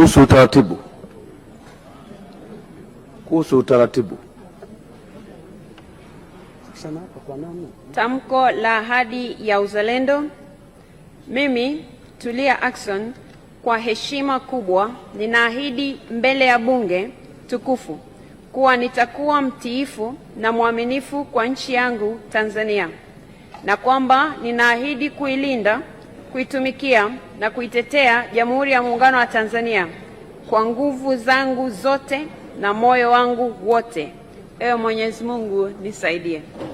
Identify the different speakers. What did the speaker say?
Speaker 1: kuhusu utaratibu kuhusu utaratibu
Speaker 2: tamko la ahadi ya uzalendo. Mimi Tulia Ackson kwa heshima kubwa ninaahidi mbele ya bunge tukufu kuwa nitakuwa mtiifu na mwaminifu kwa nchi yangu Tanzania na kwamba ninaahidi kuilinda kuitumikia na kuitetea Jamhuri ya Muungano wa Tanzania kwa nguvu zangu zote na moyo wangu wote. Ewe Mwenyezi Mungu nisaidie.